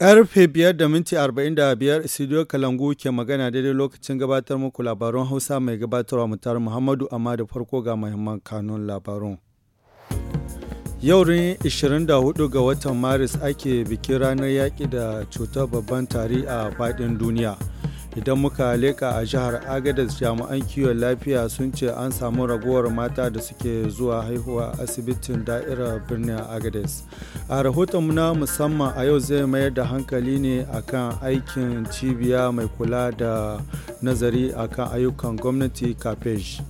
Karfe biyar da minti arba'in da biyar Studio Kalangu ke magana daidai lokacin gabatar muku labarun Hausa mai gabatarwa mutar Muhammadu amma da farko ga mahimman kanun labarun. Yau ne 24 ga watan Maris ake bikin ranar yaƙi da cutar babban tari a faɗin duniya. idan muka leƙa a jihar agadez jami'an kiwon lafiya sun ce an samu ragowar mata da suke zuwa haihuwa asibitin da'irar birnin agadez a rahoton na musamman a yau zai mayar da hankali ne akan aikin cibiya mai kula da nazari akan ayyukan gwamnati kafej.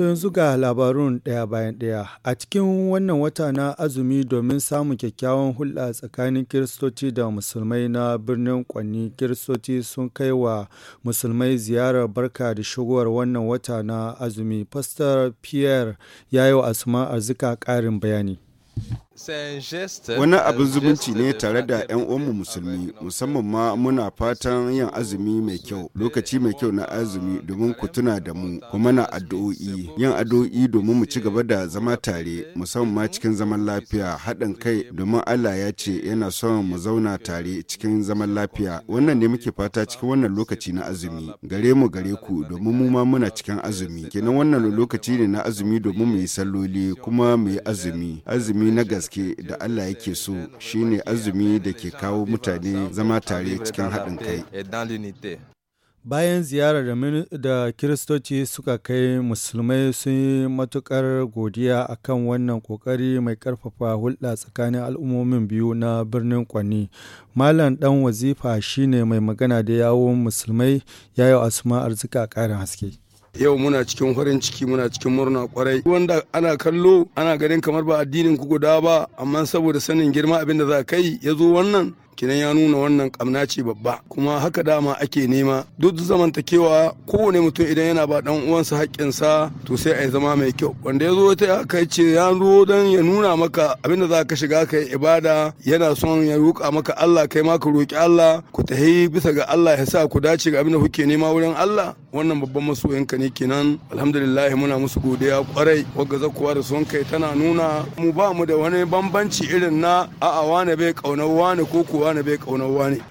To yanzu ga labarun ɗaya bayan ɗaya. A cikin wannan wata na azumi domin samun kyakkyawan hulɗa tsakanin Kiristoci da Musulmai na birnin Kwanni, Kiristoci sun kai wa Musulmai ziyarar barka da shigowar wannan wata na azumi. Pastor Pierre ya yi wa Asuma arzika ƙarin bayani. Wani abin zumunci ne tare da 'yan uwanmu musulmi, musamman ma muna fatan yin azumi mai kyau, lokaci mai kyau na azumi domin ku tuna da mu, kuma na addu'o'i, yin addu'o'i domin mu ci gaba da zama tare, musamman ma cikin zaman lafiya, haɗin kai domin Allah ya ce yana son mu zauna tare cikin zaman lafiya. Wannan ne muke fata cikin wannan lokaci na azumi, gare mu gare ku domin mu ma muna cikin azumi. Kenan wannan lokaci ne na azumi domin mu yi salloli kuma mu yi azumi, azumi na gaske. gaske da Allah yake so shine azumi da ke kawo mutane zama tare cikin haɗin kai. Bayan ziyarar da Kiristoci suka kai musulmai sun yi matuƙar godiya kan wannan ƙoƙari mai ƙarfafa hulɗa tsakanin al'ummomin biyu na birnin kwanni Malam ɗan wazifa shine mai magana da yawon musulmai yayo asuma arzika ƙarin haske. yau muna cikin farin ciki muna cikin murna kwarai wanda ana kallo ana ganin kamar ba addinin ku guda ba amma saboda sanin girma abin da za kai ya zo wannan kidan ya nuna wannan kamna ce babba kuma haka dama ake nema duk zamantakewa kowane mutum idan yana ba dan uwansa haƙƙinsa to sai a zama mai kyau wanda ya zo ta aka ce ya zo don ya nuna maka abinda za ka shiga ka yi ibada yana son ya roƙa maka Allah kai ma ka roƙi Allah ku tahi bisa ga Allah ya sa ku dace ga abinda kuke nema wurin Allah wannan babban ka ne kenan alhamdulillah muna musu godiya kwarai wagga kuwa da son kai tana nuna mu ba mu da wani bambanci irin na a'a wane bai kaunar wane ko kuwa wane bai kaunar wane.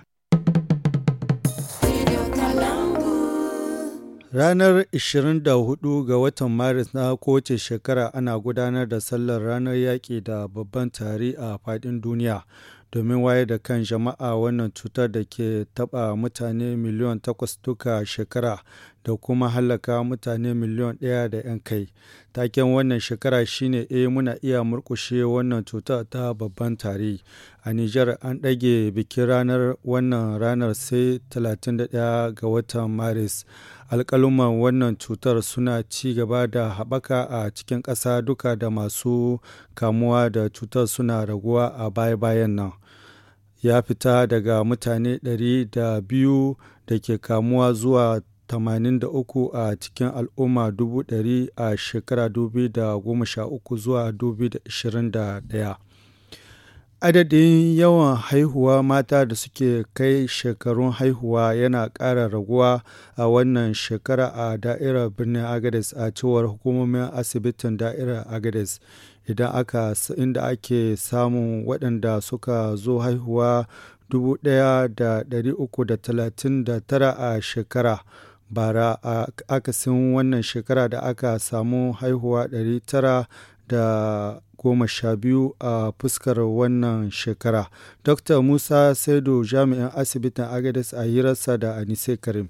Ranar 24 ga watan Maris na kowace shekara ana gudanar da sallar ranar yaƙi da babban tari a faɗin duniya domin wayar da kan jama'a wannan cutar da ke taɓa mutane miliyan takwas duka shekara da kuma hallaka mutane miliyon ɗaya da 'yan kai. Taken wannan shekara shine eh muna iya murkushe wannan cuta ta babban tari. A Nijar an ɗage bikin ranar wannan ranar sai 31 ga watan Maris. Alƙaluman wannan cutar suna ci gaba da haɓaka a cikin ƙasa duka da masu kamuwa da cutar suna raguwa a baya-bayan nan. ya fita daga mutane 200 da ke kamuwa zuwa 83 a cikin al'umma 100,000 a shekara 2013 zuwa 2021. Adadin yawan haihuwa mata da suke kai shekarun haihuwa yana ƙara raguwa a wannan shekara a da'irar birnin Agades a cewar hukumomin asibitin da'irar Agades. Idan aka inda ake samun waɗanda suka zo haihuwa 1,339 a shekara. bara a akasin wannan shekara da aka samu haihuwa 900 da goma sha biyu a fuskar wannan shekara. Dr. Musa Saido jami'in asibitin Agadis a hirarsa da Anise Karim.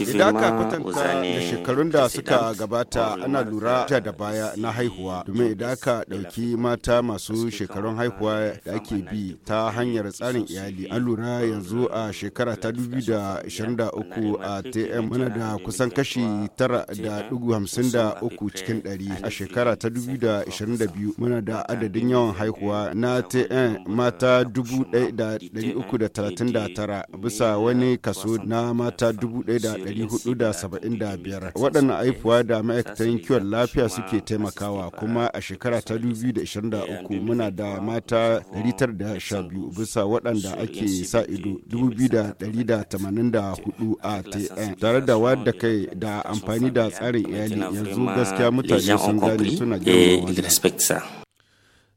Idan ka kwatanta da shekarun da suka gabata ana lura ja da baya na haihuwa domin idan ka ɗauki mata masu shekarun haihuwa da ake bi ta hanyar tsarin iyali an lura yanzu a shekara ta 2023 a tm mana da kusan kashi 9.53 cikin 100 a shekara ta 2022 muna da adadin yawan haihuwa na tm mata 1339 bisa wani kaso na mata 1000 1475 waɗannan aifuwa da ma'aikatan kiwon lafiya suke taimakawa kuma a shekara ta 2023 muna da mata 912 bisa waɗanda ake sa ido 2,184 a tn eh, tare da wadda kai da amfani da tsarin iyali yanzu gaskiya mutane sun gane suna eh, girma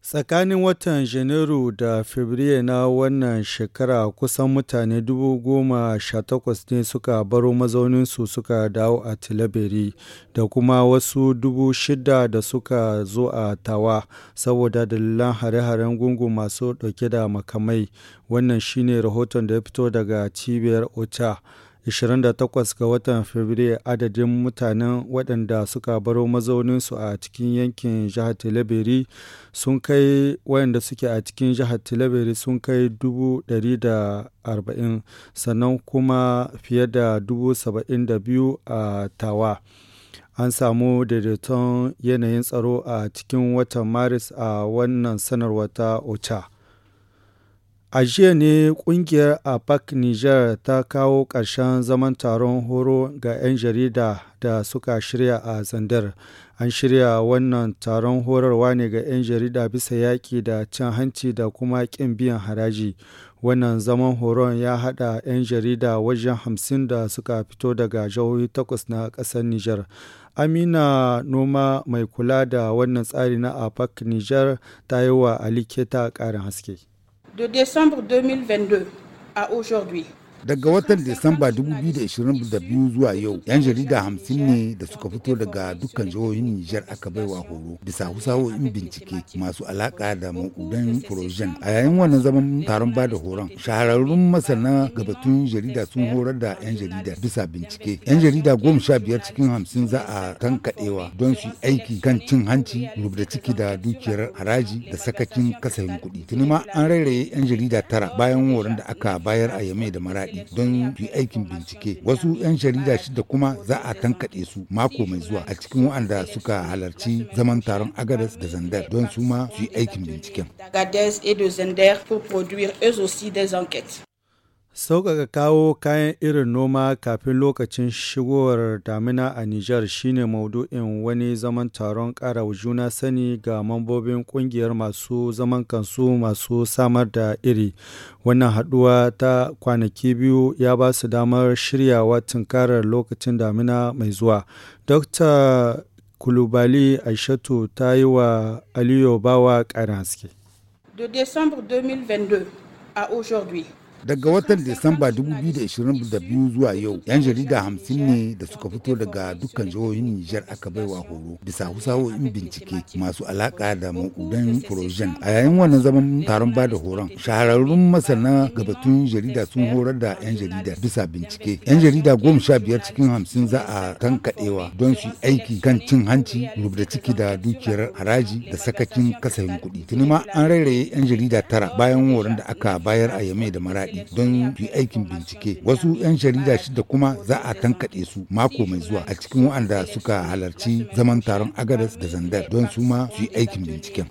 Tsakanin watan Janairu da Fabrairu na wannan shekara kusan mutane dubu goma sha takwas ne suka baro mazauninsu suka dawo a Tilaberi da kuma wasu dubu shida da suka zo a Tawa saboda dalilan hare-haren gungu masu dauke da makamai. Wannan shine rahoton da ya fito daga cibiyar ota 28 ga watan Fabrairu adadin mutanen waɗanda suka baro mazauninsu a cikin yankin jihar Tilaberi sun kai waɗanda suke a cikin jihar Tilaberi sun kai 140 sannan kuma fiye da 72 a Tawa. an samu daidaiton yanayin tsaro a cikin watan maris a wannan sanarwa ta ocha A jiya ne ƙungiyar APAC Niger ta kawo ƙarshen zaman taron horo ga 'yan jarida da suka shirya a Zandar. An shirya wannan taron horarwa ne ga 'yan jarida bisa yaƙi da cin hanci da kuma ƙin biyan haraji. Wannan zaman horon ya haɗa 'yan jarida wajen hamsin da suka fito daga jihohi takwas na ƙasar Niger. Amina Noma mai kula da wannan tsari na APAC Niger ta yi wa Ali Keta ƙarin haske. de décembre 2022 à aujourd'hui, Daga watan Disamba 2022 zuwa yau, 'yan jarida hamsin ne da suka fito daga dukkan jihohin Nijar aka baiwa horo bisa husawo'in bincike masu alaka da ma'udan projen. A yayin wannan zaman taron ba da horon, shahararrun masana gabatun jarida sun horar da 'yan jarida bisa bincike. 'Yan jarida goma sha biyar cikin hamsin za a tankaɗewa don su aiki kan cin hanci, rubda ciki da dukiyar haraji da sakakin kasafin kuɗi. Tuni ma an rairaye 'yan jarida tara bayan horon da aka bayar a Yamai da maraɗi aiki don yi aikin bincike wasu 'yan jarida shida kuma za a tankaɗe su mako mai zuwa a cikin waɗanda suka halarci zaman taron agadas da zandar don su ma su yi aikin binciken Sauƙaƙa kawo kayan irin noma kafin lokacin shigowar damina a Nijar shine maudu'in wani zaman taron ƙara juna sani ga mambobin ƙungiyar masu zaman kansu masu samar da iri. Wannan haɗuwa ta kwanaki biyu ya ba su damar shiryawa tunkarar lokacin damina mai zuwa. Dr. Kulubali Aishatu ta yi wa Aliyu Bawa 2022 aujourd'hui, Daga watan Disamba 2022 zuwa yau, 'yan jarida hamsin ne da suka fito daga dukkan jihohin Nijar aka baiwa horo bisa husawoyin bincike masu alaka da ma'udan projen. A yayin wannan zaman taron ba da horon, shahararrun masana gabatun jarida sun horar da 'yan jarida bisa bincike. 'Yan jarida goma sha biyar cikin hamsin za a tankaɗewa don su aiki kan cin hanci, rubda ciki da dukiyar haraji da sakakin kasafin kuɗi. Tuni ma an rairaye 'yan jarida tara bayan horon da aka bayar a Yamai da maraɗi aiki don yi aikin bincike wasu 'yan jarida shida kuma za a tankaɗe su mako mai zuwa a cikin waɗanda suka halarci zaman taron agadas da zandar don su ma su yi aikin binciken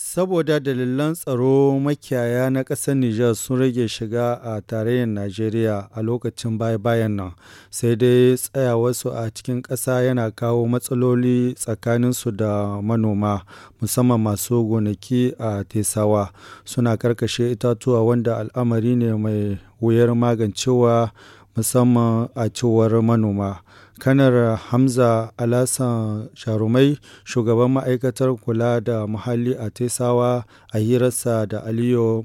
Saboda dalilan tsaro makiyaya na ƙasar Nijar sun rage shiga a tarayyar Najeriya a lokacin baya-bayan nan, sai dai tsayawarsu a cikin ƙasa yana kawo matsaloli tsakaninsu da manoma, musamman masu gonaki a Tesawa. Suna karkashe itatuwa wanda al'amari ne mai wuyar magancewa musamman a cewar manoma. kanar hamza alasan sharumai shugaban ma'aikatar kula da muhalli a tesawa a hirarsa da aliyu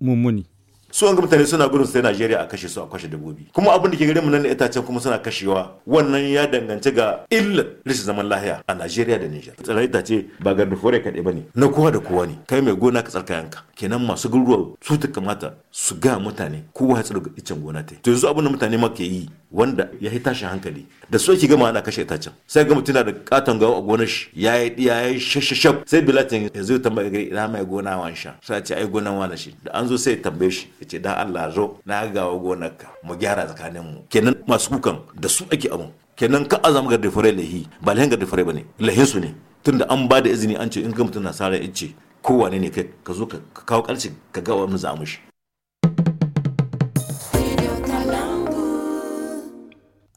mummuni su an mutane suna gudun sai Najeriya a kashe su a kwashe dabbobi kuma abin da ke gare mu nan ce kuma suna kashewa wannan ya danganci ga illar rashin zaman lahiya a Najeriya da Niger ita itace ba gardu fure ba bane na kowa da kowa ne kai mai gona ka tsarka yanka kenan masu garuruwa su ta kamata su ga mutane kowa ya tsarka icen gona ta to yanzu abin da mutane ma ke yi wanda ya yi tashin hankali da su ake gama ana kashe itacen sai ga mutum da katon gawa a gonar shi ya yi ya yi shashashab sai bilatin ya zo tambaya gari ina mai gona wansha sai a ce ai gona wa shi da an zo sai ya tambaye shi ya ce dan Allah zo na gawa gonarka mu gyara tsakanin mu kenan masu kukan da su ake abun kenan ka azam ga difure lahi ba lahin ga difure bane lahin su ne tunda an ba da izini an ce in ga mutum na sare ice kowane ne kai ka zo ka kawo karshe ka ga wani za mushi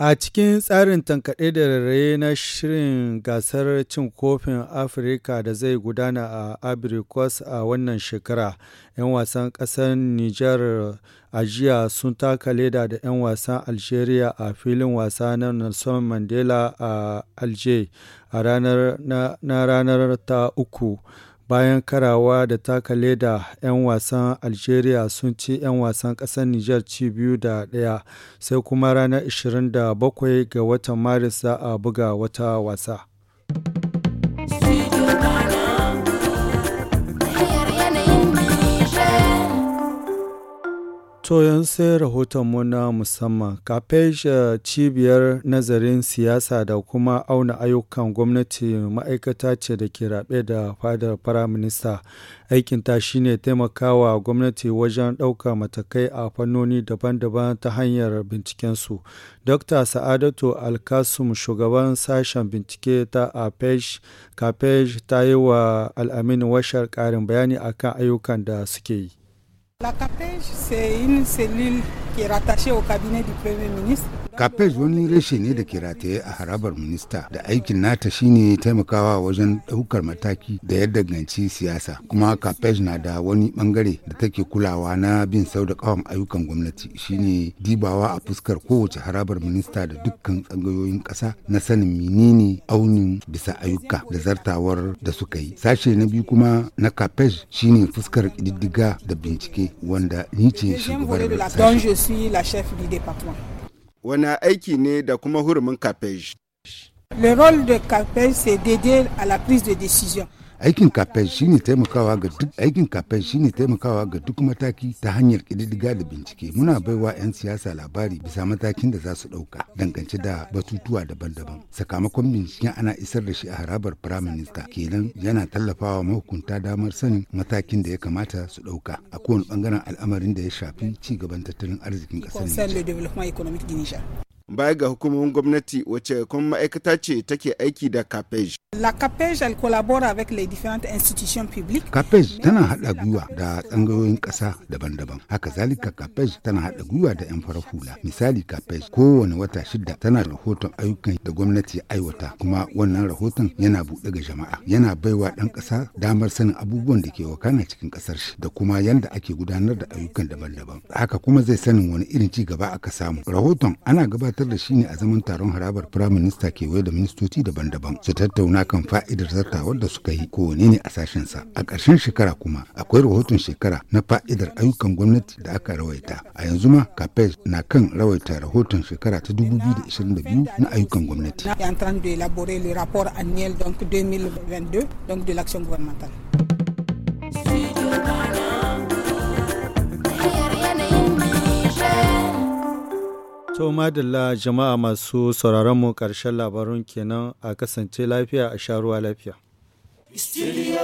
A cikin tsarin tankaɗe da rarraye na shirin gasar cin kofin Afirka da zai gudana a Abrikos a wannan shekara, 'yan wasan ƙasar Nijar a jiya sun taka leda da 'yan wasan Algeria a filin wasa na Nelson Mandela a Alger a ranar na ranar ta uku. bayan karawa da taka leda 'yan wasan algeria sun ci 'yan wasan ƙasar niger ci biyu da daya sai kuma ranar 27 ga watan maris za a buga wata wasa. To sai rahoton mu na musamman, kafesh eh, cibiyar nazarin siyasa da kuma auna ayyukan gwamnati ma'aikata ce da ke rabe da fadar firaminista. Aikinta shine taimakawa gwamnati wajen ɗauka matakai a fannoni daban-daban ta hanyar bincikensu. Dr. Sa'adatu Alkasum shugaban sashen bincike ta Apesh, kafesh ta yi wa Al'amin washar ƙarin bayani akan ayyukan da suke yi. La CAPEJ, c'est une cellule ke wa du premier ministre wani reshe ne da ke rataye a harabar minista da aikin nata shine taimakawa wajen ɗaukar mataki da yadda danganci siyasa kuma Kafej na da wani bangare da take kulawa na bin sau da kawan ayyukan gwamnati shine dibawa a fuskar kowace harabar minista da dukkan tsangayoyin ƙasa na sanin menene aunin bisa ayyuka da zartawar da suka yi. Sashe na biyu kuma na Kafej shine fuskar ƙididdiga da bincike wanda ni ce shugabar sashe. Je suis la chef du département. Le rôle de CAPEJ, c'est d'aider à la prise de décision. Aikin kafet shine taimakawa ga duk aikin kafet shine taimakawa ga duk mataki ta hanyar ƙididdiga da bincike. Muna baiwa 'yan siyasa labari bisa matakin da za su ɗauka dangance da batutuwa daban-daban. Sakamakon binciken ana isar da shi a harabar prime minister kenan yana tallafawa mahukunta damar sanin matakin da ya kamata su ɗauka a kowane bangaren al'amarin da ya shafi ci gaban tattalin arzikin ƙasar. baya ga hukumomin gwamnati wacce kuma ma'aikata ce take aiki da CAPEJ. La CAPEJ elle collabore avec les différentes institutions publiques. CAPEJ tana haɗa gwiwa da tsangayoyin ƙasa daban-daban. Haka zalika CAPEJ tana haɗa gwiwa da 'yan fara hula. Misali CAPEJ kowane wata shida tana rahoton ayyukan da gwamnati ya aiwata kuma wannan rahoton yana buɗe ga jama'a. Yana baiwa ɗan ƙasa damar sanin abubuwan da ke wakana cikin ƙasar shi da kuma yanda ake gudanar da ayyukan daban-daban. Haka kuma zai sanin wani irin ci gaba aka samu. Rahoton ana gabatar gabatar da shi ne a zaman taron harabar firaminista kewaye da ministoci daban-daban su tattauna kan fa'idar zartawar da suka yi kowane ne a sashen sa a ƙarshen shekara kuma akwai rahoton shekara na fa'idar ayyukan gwamnati da aka rawaita a yanzu ma capes na kan rawaita rahoton shekara ta 2022 na ayyukan gwamnati. To madalla jama'a masu sauraron mu ƙarshen labarun kenan a kasance lafiya a sharuwa lafiya. Studio